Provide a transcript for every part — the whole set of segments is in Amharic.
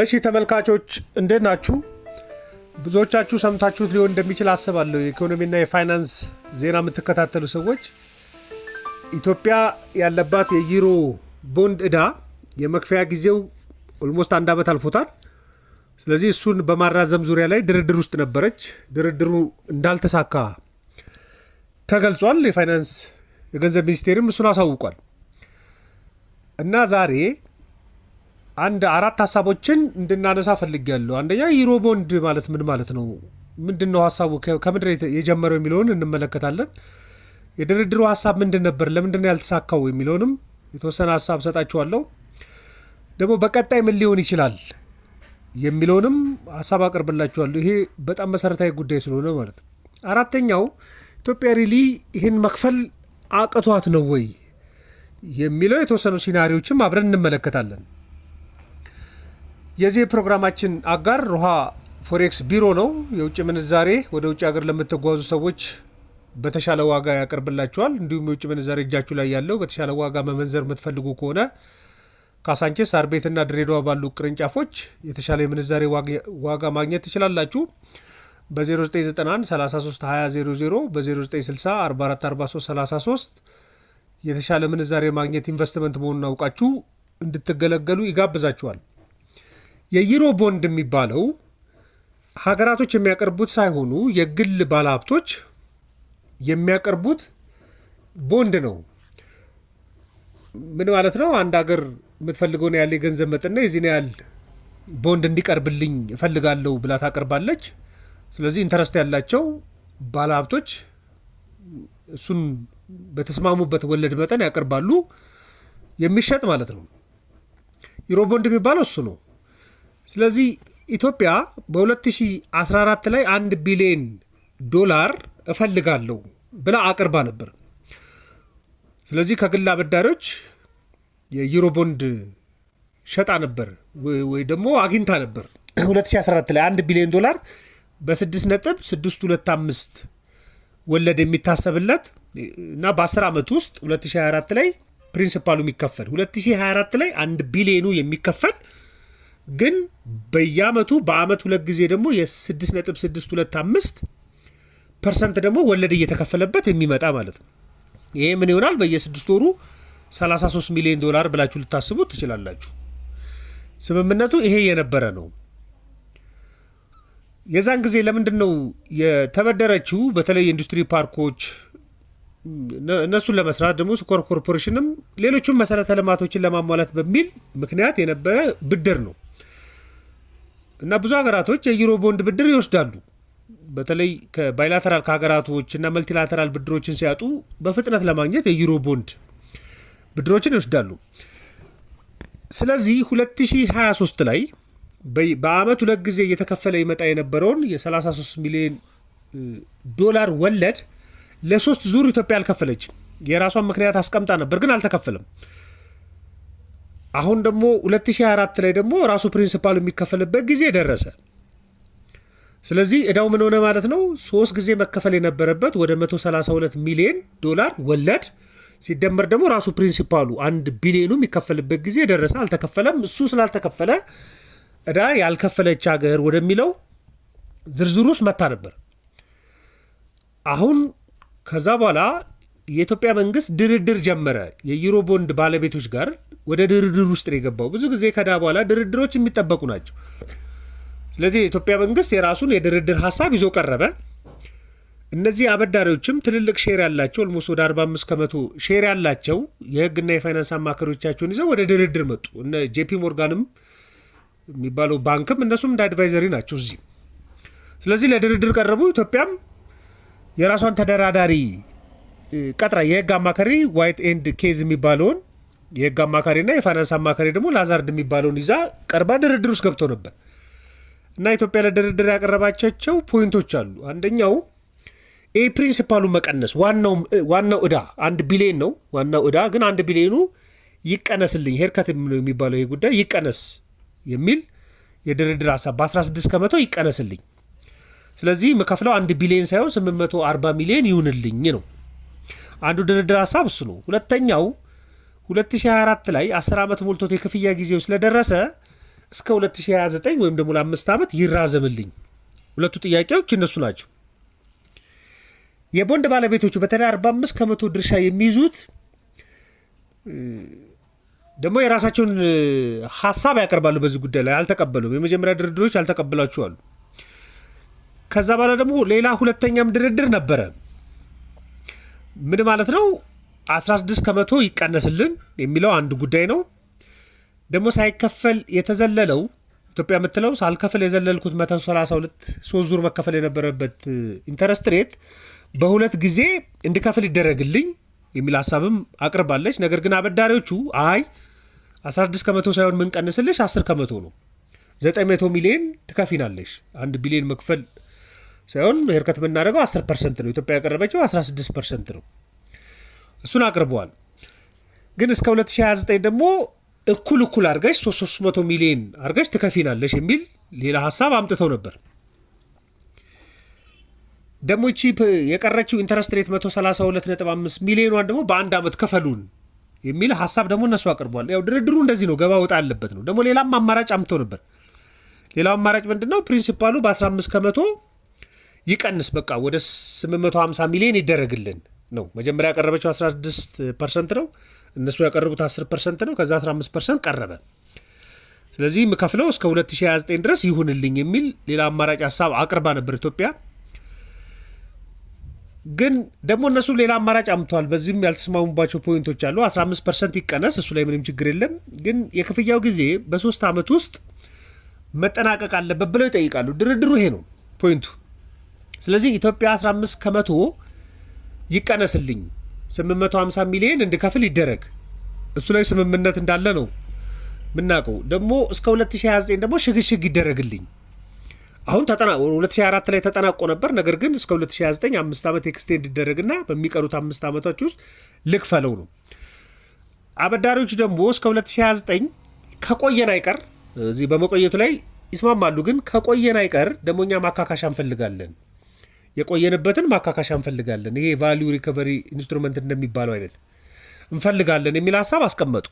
እሺ ተመልካቾች እንዴት ናችሁ? ብዙዎቻችሁ ሰምታችሁት ሊሆን እንደሚችል አስባለሁ። የኢኮኖሚና የፋይናንስ ዜና የምትከታተሉ ሰዎች ኢትዮጵያ ያለባት የዩሮ ቦንድ እዳ የመክፈያ ጊዜው ኦልሞስት አንድ ዓመት አልፎታል። ስለዚህ እሱን በማራዘም ዙሪያ ላይ ድርድር ውስጥ ነበረች። ድርድሩ እንዳልተሳካ ተገልጿል። የፋይናንስ የገንዘብ ሚኒስቴርም እሱን አሳውቋል እና ዛሬ አንድ አራት ሀሳቦችን እንድናነሳ ፈልጌያለሁ። አንደኛ ዩሮ ቦንድ ማለት ምን ማለት ነው? ምንድን ነው ሀሳቡ? ከምድር የጀመረው የሚለውን እንመለከታለን። የድርድሩ ሀሳብ ምንድን ነበር? ለምንድን ነው ያልተሳካው የሚለውንም የተወሰነ ሀሳብ ሰጣችኋለሁ። ደግሞ በቀጣይ ምን ሊሆን ይችላል የሚለውንም ሀሳብ አቀርብላችኋለሁ። ይሄ በጣም መሰረታዊ ጉዳይ ስለሆነ ማለት ነው። አራተኛው ኢትዮጵያ ሪሊ ይህን መክፈል አቅቷት ነው ወይ የሚለው የተወሰኑ ሲናሪዎችም አብረን እንመለከታለን። የዚህ ፕሮግራማችን አጋር ሮሃ ፎሬክስ ቢሮ ነው። የውጭ ምንዛሬ ወደ ውጭ ሀገር ለምትጓዙ ሰዎች በተሻለ ዋጋ ያቀርብላቸዋል። እንዲሁም የውጭ ምንዛሬ እጃችሁ ላይ ያለው በተሻለ ዋጋ መመንዘር የምትፈልጉ ከሆነ ካሳንቼስ፣ አርቤትና ድሬዳዋ ባሉ ቅርንጫፎች የተሻለ የምንዛሬ ዋጋ ማግኘት ትችላላችሁ። በ0991 332000 በ0960 የተሻለ ምንዛሬ ማግኘት ኢንቨስትመንት መሆኑን አውቃችሁ እንድትገለገሉ ይጋብዛችኋል። የዩሮ ቦንድ የሚባለው ሀገራቶች የሚያቀርቡት ሳይሆኑ የግል ባለሀብቶች የሚያቀርቡት ቦንድ ነው። ምን ማለት ነው? አንድ ሀገር የምትፈልገውን ያለ የገንዘብ መጠንና የዚህን ያህል ቦንድ እንዲቀርብልኝ እፈልጋለሁ ብላ ታቀርባለች። ስለዚህ ኢንተረስት ያላቸው ባለሀብቶች እሱን በተስማሙበት ወለድ መጠን ያቀርባሉ። የሚሸጥ ማለት ነው። ዩሮ ቦንድ የሚባለው እሱ ነው። ስለዚህ ኢትዮጵያ በ2014 ላይ አንድ ቢሊዮን ዶላር እፈልጋለሁ ብላ አቅርባ ነበር። ስለዚህ ከግል አበዳሪዎች የዩሮ ቦንድ ሸጣ ነበር ወይ ደግሞ አግኝታ ነበር። 2014 ላይ አንድ ቢሊዮን ዶላር በ6 ነጥብ 625 ወለድ የሚታሰብለት እና በ10 ዓመት ውስጥ 2024 ላይ ፕሪንሲፓሉ የሚከፈል 2024 ላይ አንድ ቢሊዮኑ የሚከፈል ግን በየአመቱ በአመት ሁለት ጊዜ ደግሞ የ6.625 ፐርሰንት ደግሞ ወለድ እየተከፈለበት የሚመጣ ማለት ነው። ይሄ ምን ይሆናል? በየስድስት ወሩ 33 ሚሊዮን ዶላር ብላችሁ ልታስቡ ትችላላችሁ። ስምምነቱ ይሄ የነበረ ነው። የዛን ጊዜ ለምንድን ነው የተበደረችው? በተለይ የኢንዱስትሪ ፓርኮች እነሱን ለመስራት ደግሞ ስኳር ኮርፖሬሽንም ሌሎቹም መሰረተ ልማቶችን ለማሟላት በሚል ምክንያት የነበረ ብድር ነው። እና ብዙ ሀገራቶች የዩሮ ቦንድ ብድር ይወስዳሉ። በተለይ ከባይላተራል ከሀገራቶች እና መልቲላተራል ብድሮችን ሲያጡ በፍጥነት ለማግኘት የዩሮ ቦንድ ብድሮችን ይወስዳሉ። ስለዚህ 2023 ላይ በአመት ሁለት ጊዜ እየተከፈለ ይመጣ የነበረውን የ33 ሚሊዮን ዶላር ወለድ ለሶስት ዙር ኢትዮጵያ አልከፈለችም። የራሷን ምክንያት አስቀምጣ ነበር፣ ግን አልተከፈለም። አሁን ደግሞ 2024 ላይ ደግሞ ራሱ ፕሪንስፓሉ የሚከፈልበት ጊዜ ደረሰ። ስለዚህ እዳው ምን ሆነ ማለት ነው? ሶስት ጊዜ መከፈል የነበረበት ወደ 132 ሚሊዮን ዶላር ወለድ ሲደመር ደግሞ ራሱ ፕሪንሲፓሉ አንድ ቢሊዮኑ የሚከፈልበት ጊዜ ደረሰ። አልተከፈለም። እሱ ስላልተከፈለ እዳ ያልከፈለች ሀገር ወደሚለው ዝርዝሩ ውስጥ መታ ነበር። አሁን ከዛ በኋላ የኢትዮጵያ መንግስት ድርድር ጀመረ የዩሮ ቦንድ ባለቤቶች ጋር ወደ ድርድር ውስጥ ነው የገባው። ብዙ ጊዜ ከዳ በኋላ ድርድሮች የሚጠበቁ ናቸው። ስለዚህ የኢትዮጵያ መንግስት የራሱን የድርድር ሀሳብ ይዞ ቀረበ። እነዚህ አበዳሪዎችም ትልልቅ ሼር ያላቸው ኦልሞስት ወደ 45 ከመቶ ሼር ያላቸው የህግና የፋይናንስ አማካሪዎቻቸውን ይዘው ወደ ድርድር መጡ። እነ ጄፒ ሞርጋንም የሚባለው ባንክም እነሱም እንደ አድቫይዘሪ ናቸው እዚህ። ስለዚህ ለድርድር ቀረቡ። ኢትዮጵያም የራሷን ተደራዳሪ ቀጥራ የህግ አማካሪ ዋይት ኤንድ ኬዝ የሚባለውን የህግ አማካሪና የፋይናንስ አማካሪ ደግሞ ላዛርድ የሚባለውን ይዛ ቀርባ ድርድር ውስጥ ገብቶ ነበር እና ኢትዮጵያ ለድርድር ያቀረባቸቸው ፖይንቶች አሉ። አንደኛው ይህ ፕሪንሲፓሉ መቀነስ ዋናው እዳ አንድ ቢሊዮን ነው። ዋናው እዳ ግን አንድ ቢሊዮኑ ይቀነስልኝ ሄርከት የሚባለው ይህ ጉዳይ ይቀነስ የሚል የድርድር ሀሳብ በ16 ከመቶ ይቀነስልኝ፣ ስለዚህ የምከፍለው አንድ ቢሊዮን ሳይሆን 840 ሚሊዮን ይሁንልኝ ነው። አንዱ ድርድር ሀሳብ እሱ ነው። ሁለተኛው 2024 ላይ 10 ዓመት ሞልቶት የክፍያ ጊዜው ስለደረሰ እስከ 2029 ወይም ደግሞ ለአምስት ዓመት ይራዘምልኝ። ሁለቱ ጥያቄዎች እነሱ ናቸው። የቦንድ ባለቤቶቹ በተለይ 45 ከመቶ ድርሻ የሚይዙት ደግሞ የራሳቸውን ሀሳብ ያቀርባሉ። በዚህ ጉዳይ ላይ አልተቀበሉም። የመጀመሪያ ድርድሮች አልተቀበሏቸዋሉ። ከዛ በኋላ ደግሞ ሌላ ሁለተኛም ድርድር ነበረ። ምን ማለት ነው? 16 ከመቶ ይቀነስልን የሚለው አንድ ጉዳይ ነው። ደግሞ ሳይከፈል የተዘለለው ኢትዮጵያ የምትለው ሳልከፍል የዘለልኩት 132 ሶስት ዙር መከፈል የነበረበት ኢንተረስት ሬት በሁለት ጊዜ እንድከፍል ይደረግልኝ የሚል ሀሳብም አቅርባለች። ነገር ግን አበዳሪዎቹ አይ 16 ከመቶ ሳይሆን ምንቀንስልሽ 10 ከመቶ ነው 900 ሚሊዮን ትከፊናለሽ። አንድ ቢሊዮን መክፈል ሳይሆን ሄርከት የምናደርገው 10 ፐርሰንት ነው። ኢትዮጵያ ያቀረበችው 16 ፐርሰንት ነው። እሱን አቅርበዋል። ግን እስከ 2029 ደግሞ እኩል እኩል አርገሽ 300 ሚሊዮን አርገሽ ትከፊናለሽ የሚል ሌላ ሀሳብ አምጥተው ነበር። ደግሞ ይቺ የቀረችው ኢንተረስት ሬት 132.5 ሚሊዮኗን ደግሞ በአንድ ዓመት ክፈሉን የሚል ሀሳብ ደግሞ እነሱ አቅርቧል። ያው ድርድሩ እንደዚህ ነው፣ ገባ ወጣ ያለበት ነው። ደግሞ ሌላም አማራጭ አምጥተው ነበር። ሌላው አማራጭ ምንድን ነው? ፕሪንሲፓሉ በ15 ከመቶ ይቀንስ፣ በቃ ወደ 850 ሚሊዮን ይደረግልን ነው። መጀመሪያ ያቀረበችው 16 ፐርሰንት ነው። እነሱ ያቀረቡት 10 ፐርሰንት ነው። ከዛ 15 ፐርሰንት ቀረበ። ስለዚህ የምከፍለው እስከ 2029 ድረስ ይሁንልኝ የሚል ሌላ አማራጭ ሀሳብ አቅርባ ነበር ኢትዮጵያ። ግን ደግሞ እነሱ ሌላ አማራጭ አምተዋል። በዚህም ያልተስማሙባቸው ፖይንቶች አሉ። 15 ፐርሰንት ይቀነስ፣ እሱ ላይ ምንም ችግር የለም። ግን የክፍያው ጊዜ በሶስት ዓመት ውስጥ መጠናቀቅ አለበት ብለው ይጠይቃሉ። ድርድሩ ይሄ ነው ፖይንቱ። ስለዚህ ኢትዮጵያ 15 ከመቶ ይቀነስልኝ 850 ሚሊዮን እንድከፍል ይደረግ። እሱ ላይ ስምምነት እንዳለ ነው ምናውቀው። ደግሞ እስከ 2029 ደግሞ ሽግሽግ ይደረግልኝ። አሁን 2024 ላይ ተጠናቆ ነበር። ነገር ግን እስከ 2029 አምስት ዓመት ኤክስቴንድ ይደረግና በሚቀሩት አምስት ዓመቶች ውስጥ ልክፈለው ነው። አበዳሪዎች ደግሞ እስከ 2029 ከቆየን አይቀር እዚህ በመቆየቱ ላይ ይስማማሉ። ግን ከቆየን አይቀር ደግሞ እኛ ማካካሻ እንፈልጋለን። የቆየንበትን ማካካሻ እንፈልጋለን፣ ይሄ ቫሊዩ ሪከቨሪ ኢንስትሩመንት እንደሚባለው አይነት እንፈልጋለን የሚል ሀሳብ አስቀመጡ።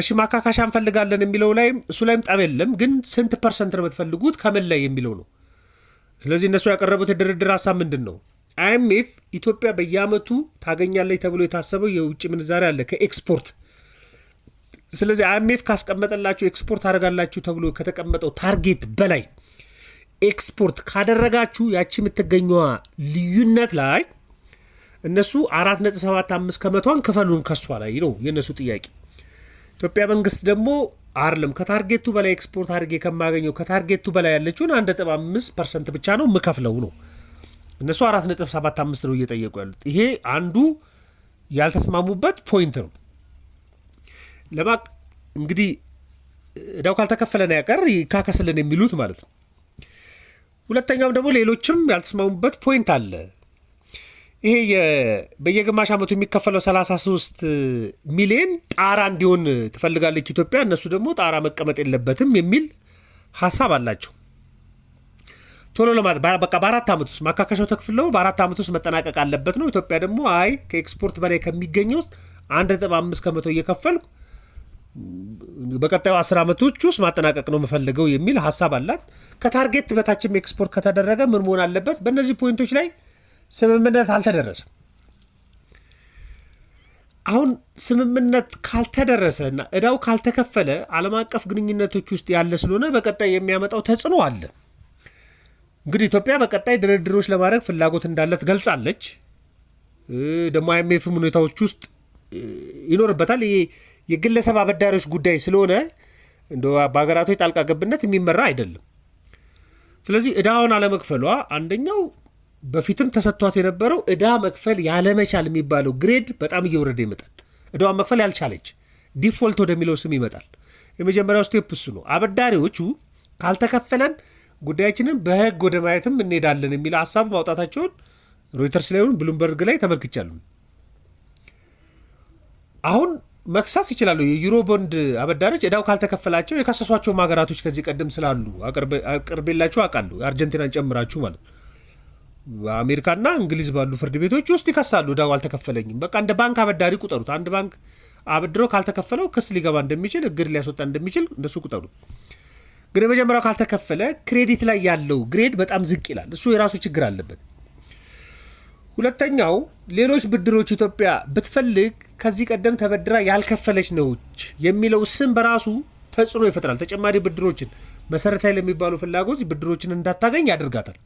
እሺ ማካካሻ እንፈልጋለን የሚለው ላይም እሱ ላይም ጠብ የለም፣ ግን ስንት ፐርሰንት ነው የምትፈልጉት ከምን ላይ የሚለው ነው። ስለዚህ እነሱ ያቀረቡት የድርድር ሀሳብ ምንድን ነው? አይኤምኤፍ ኢትዮጵያ በየአመቱ ታገኛለች ተብሎ የታሰበው የውጭ ምንዛሪ አለ ከኤክስፖርት ስለዚህ አይኤምኤፍ ካስቀመጠላችሁ ኤክስፖርት አድርጋላችሁ ተብሎ ከተቀመጠው ታርጌት በላይ ኤክስፖርት ካደረጋችሁ ያቺ የምትገኘዋ ልዩነት ላይ እነሱ 4.75 ከመቷን ክፈሉን ከሷ ላይ ነው የእነሱ ጥያቄ። ኢትዮጵያ መንግስት ደግሞ አርልም ከታርጌቱ በላይ ኤክስፖርት አድርጌ ከማገኘው ከታርጌቱ በላይ ያለችውን 1.5 ፐርሰንት ብቻ ነው ምከፍለው ነው። እነሱ 4.75 ነው እየጠየቁ ያሉት። ይሄ አንዱ ያልተስማሙበት ፖይንት ነው። ለማ እንግዲህ እዳው ካልተከፈለን ያቀር ይካከስልን የሚሉት ማለት ነው። ሁለተኛውም ደግሞ ሌሎችም ያልተስማሙበት ፖይንት አለ። ይሄ በየግማሽ ዓመቱ የሚከፈለው 33 ሚሊዮን ጣራ እንዲሆን ትፈልጋለች ኢትዮጵያ። እነሱ ደግሞ ጣራ መቀመጥ የለበትም የሚል ሀሳብ አላቸው። ቶሎ ለማለት በቃ በአራት ዓመት ውስጥ ማካከሻው ተክፍለው በአራት ዓመት ውስጥ መጠናቀቅ አለበት ነው። ኢትዮጵያ ደግሞ አይ ከኤክስፖርት በላይ ከሚገኘ ውስጥ አንድ ነጥብ አምስት ከመቶ እየከፈልኩ በቀጣዩ አስር ዓመቶች ውስጥ ማጠናቀቅ ነው የምፈልገው የሚል ሀሳብ አላት። ከታርጌት በታችም ኤክስፖርት ከተደረገ ምን መሆን አለበት? በእነዚህ ፖይንቶች ላይ ስምምነት አልተደረሰም። አሁን ስምምነት ካልተደረሰ እና እዳው ካልተከፈለ ዓለም አቀፍ ግንኙነቶች ውስጥ ያለ ስለሆነ በቀጣይ የሚያመጣው ተጽዕኖ አለ። እንግዲህ ኢትዮጵያ በቀጣይ ድርድሮች ለማድረግ ፍላጎት እንዳለ ገልጻለች። ደግሞ አይኤምኤፍም ሁኔታዎች ውስጥ ይኖርበታል። የግለሰብ አበዳሪዎች ጉዳይ ስለሆነ እንደ በሀገራቶች ጣልቃ ገብነት የሚመራ አይደለም። ስለዚህ እዳውን አለመክፈሏ አንደኛው በፊትም ተሰጥቷት የነበረው እዳ መክፈል ያለመቻል የሚባለው ግሬድ በጣም እየወረደ ይመጣል። እዳዋን መክፈል ያልቻለች ዲፎልት ወደሚለው ስም ይመጣል። የመጀመሪያው ስቴፕ እሱ ነው። አበዳሪዎቹ ካልተከፈለን ጉዳያችንን በህግ ወደ ማየትም እንሄዳለን የሚል ሀሳብ ማውጣታቸውን ሮይተርስ ላይ ብሉምበርግ ላይ ተመልክቻሉ። አሁን መክሰስ ይችላሉ። የዩሮ ቦንድ አበዳሪዎች እዳው ካልተከፈላቸው የከሰሷቸውም ሀገራቶች ከዚህ ቀደም ስላሉ አቅርቤላችሁ አውቃለሁ። አርጀንቲናን ጨምራችሁ ማለት አሜሪካና እንግሊዝ ባሉ ፍርድ ቤቶች ውስጥ ይከሳሉ። እዳው አልተከፈለኝም፣ በቃ እንደ ባንክ አበዳሪ ቁጠሩት። አንድ ባንክ አበድሮ ካልተከፈለው ክስ ሊገባ እንደሚችል እግድ ሊያስወጣ እንደሚችል እንደሱ ቁጠሩት። ግን የመጀመሪያው ካልተከፈለ ክሬዲት ላይ ያለው ግሬድ በጣም ዝቅ ይላል። እሱ የራሱ ችግር አለበት። ሁለተኛው ሌሎች ብድሮች ኢትዮጵያ ብትፈልግ ከዚህ ቀደም ተበድራ ያልከፈለች ነች የሚለው ስም በራሱ ተጽዕኖ ይፈጥራል። ተጨማሪ ብድሮችን መሰረታዊ ለሚባሉ ፍላጎት ብድሮችን እንዳታገኝ ያደርጋታል።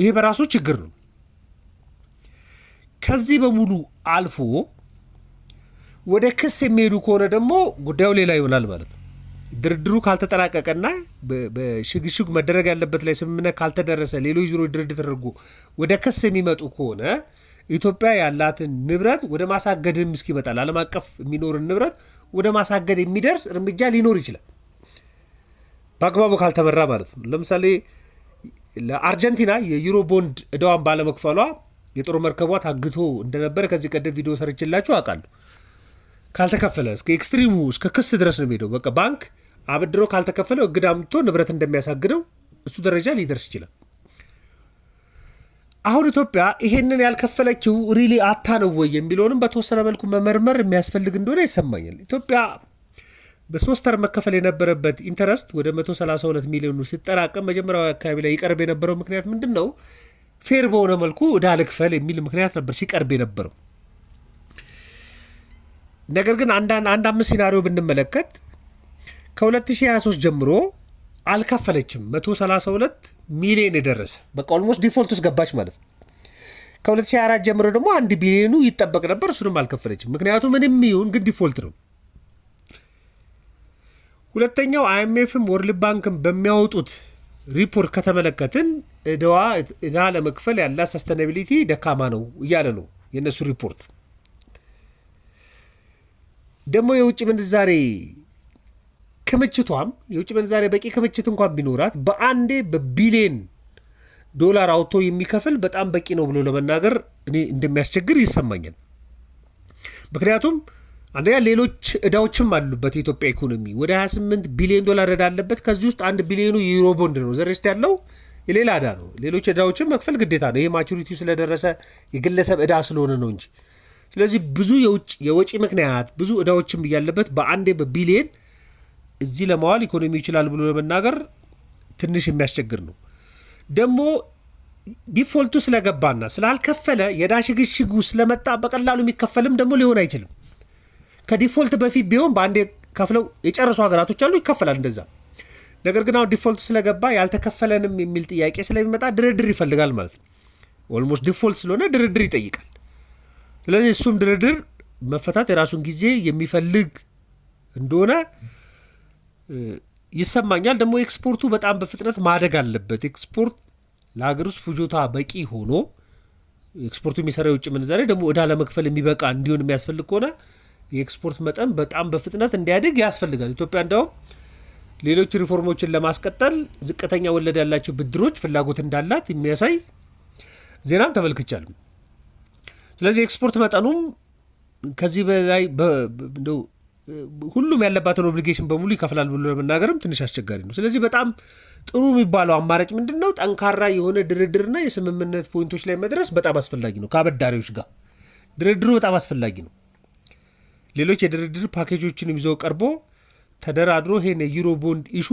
ይሄ በራሱ ችግር ነው። ከዚህ በሙሉ አልፎ ወደ ክስ የሚሄዱ ከሆነ ደግሞ ጉዳዩ ሌላ ይሆናል ማለት ነው። ድርድሩ ካልተጠናቀቀና በሽግሽግ መደረግ ያለበት ላይ ስምምነት ካልተደረሰ ሌሎች ዙሮች ድርድር ተደርጎ ወደ ክስ የሚመጡ ከሆነ ኢትዮጵያ ያላትን ንብረት ወደ ማሳገድም እስኪመጣል ዓለም አቀፍ የሚኖርን ንብረት ወደ ማሳገድ የሚደርስ እርምጃ ሊኖር ይችላል፣ በአግባቡ ካልተመራ ማለት ነው። ለምሳሌ ለአርጀንቲና የዩሮ ቦንድ እዳዋን ባለመክፈሏ የጦር መርከቧ ታግቶ እንደነበረ ከዚህ ቀደም ቪዲዮ ሰርችላችሁ አውቃለሁ። ካልተከፈለ እስከ ኤክስትሪሙ እስከ ክስ ድረስ ነው የሚሄደው። በቃ ባንክ አበድሮ ካልተከፈለው እግድ አምጥቶ ንብረት እንደሚያሳግደው እሱ ደረጃ ሊደርስ ይችላል። አሁን ኢትዮጵያ ይሄንን ያልከፈለችው ሪሊ አታ ነው ወይ የሚለውንም በተወሰነ መልኩ መመርመር የሚያስፈልግ እንደሆነ ይሰማኛል። ኢትዮጵያ በሶስት ወር መከፈል የነበረበት ኢንተረስት ወደ 132 ሚሊዮኑ ሲጠራቀም መጀመሪያዊ አካባቢ ላይ ይቀርብ የነበረው ምክንያት ምንድን ነው? ፌር በሆነ መልኩ እዳ ልክፈል የሚል ምክንያት ነበር ሲቀርብ የነበረው። ነገር ግን አንድ አምስት ሲናሪዮ ብንመለከት ከ2023 ጀምሮ አልከፈለችም 132 ሚሊዮን የደረሰ በቃ ኦልሞስት ዲፎልት ውስጥ ገባች ማለት ነው። ከ2024 ጀምሮ ደግሞ አንድ ቢሊዮኑ ይጠበቅ ነበር፣ እሱንም አልከፈለችም። ምክንያቱ ምንም ይሁን ግን ዲፎልት ነው። ሁለተኛው አይኤምኤፍም ወርልድ ባንክም በሚያወጡት ሪፖርት ከተመለከትን እደዋ እዳ ለመክፈል ያላት ሰስተናቢሊቲ ደካማ ነው እያለ ነው የእነሱ ሪፖርት። ደግሞ የውጭ ምንዛሬ ክምችቷም የውጭ ምንዛሬ በቂ ክምችት እንኳን ቢኖራት በአንዴ በቢሊየን ዶላር አውጥቶ የሚከፍል በጣም በቂ ነው ብሎ ለመናገር እኔ እንደሚያስቸግር ይሰማኛል። ምክንያቱም አንደኛ ሌሎች እዳዎችም አሉበት። የኢትዮጵያ ኢኮኖሚ ወደ 28 ቢሊዮን ዶላር እዳ አለበት። ከዚህ ውስጥ አንድ ቢሊዮኑ የዩሮ ቦንድ ነው። ዘሬስት ያለው የሌላ እዳ ነው። ሌሎች እዳዎችን መክፈል ግዴታ ነው። ይህ ማቹሪቲው ስለደረሰ የግለሰብ እዳ ስለሆነ ነው እንጂ ስለዚህ ብዙ የውጭ የወጪ ምክንያት ብዙ እዳዎችም እያለበት በአንዴ በቢሊየን እዚህ ለማዋል ኢኮኖሚ ይችላል ብሎ ለመናገር ትንሽ የሚያስቸግር ነው። ደግሞ ዲፎልቱ ስለገባና ስላልከፈለ የዳሽግሽጉ ስለመጣ በቀላሉ የሚከፈልም ደግሞ ሊሆን አይችልም። ከዲፎልት በፊት ቢሆን በአንዴ ከፍለው የጨረሱ ሀገራቶች አሉ፣ ይከፈላል እንደዛ። ነገር ግን አሁን ዲፎልት ስለገባ ያልተከፈለንም የሚል ጥያቄ ስለሚመጣ ድርድር ይፈልጋል ማለት ነው። ኦልሞስት ዲፎልት ስለሆነ ድርድር ይጠይቃል። ስለዚህ እሱም ድርድር መፈታት የራሱን ጊዜ የሚፈልግ እንደሆነ ይሰማኛል። ደግሞ ኤክስፖርቱ በጣም በፍጥነት ማደግ አለበት። ኤክስፖርት ለሀገር ውስጥ ፍጆታ በቂ ሆኖ ኤክስፖርቱ የሚሰራ የውጭ ምንዛሬ ደግሞ እዳ ለመክፈል የሚበቃ እንዲሆን የሚያስፈልግ ከሆነ የኤክስፖርት መጠን በጣም በፍጥነት እንዲያድግ ያስፈልጋል። ኢትዮጵያ እንዲያውም ሌሎች ሪፎርሞችን ለማስቀጠል ዝቅተኛ ወለድ ያላቸው ብድሮች ፍላጎት እንዳላት የሚያሳይ ዜናም ተመልክቻል። ስለዚህ ኤክስፖርት መጠኑም ከዚህ በላይ ሁሉም ያለባትን ኦብሊጌሽን በሙሉ ይከፍላል ብሎ ለመናገርም ትንሽ አስቸጋሪ ነው። ስለዚህ በጣም ጥሩ የሚባለው አማራጭ ምንድን ነው? ጠንካራ የሆነ ድርድርና የስምምነት ፖይንቶች ላይ መድረስ በጣም አስፈላጊ ነው። ከአበዳሪዎች ጋር ድርድሩ በጣም አስፈላጊ ነው። ሌሎች የድርድር ፓኬጆችን ይዞ ቀርቦ ተደራድሮ ይሄን የዩሮ ቦንድ ኢሹ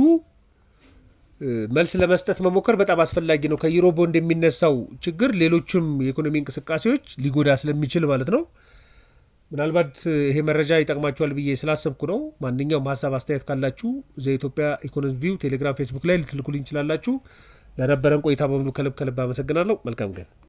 መልስ ለመስጠት መሞከር በጣም አስፈላጊ ነው። ከዩሮ ቦንድ የሚነሳው ችግር ሌሎችም የኢኮኖሚ እንቅስቃሴዎች ሊጎዳ ስለሚችል ማለት ነው። ምናልባት ይሄ መረጃ ይጠቅማችኋል ብዬ ስላሰብኩ ነው። ማንኛውም ሀሳብ አስተያየት ካላችሁ ኢትዮጵያ ኢኮኖሚ ቪው ቴሌግራም፣ ፌስቡክ ላይ ልትልኩልኝ ይችላላችሁ። ለነበረን ቆይታ በሙሉ ከልብ ከልብ አመሰግናለሁ። መልካም ቀን።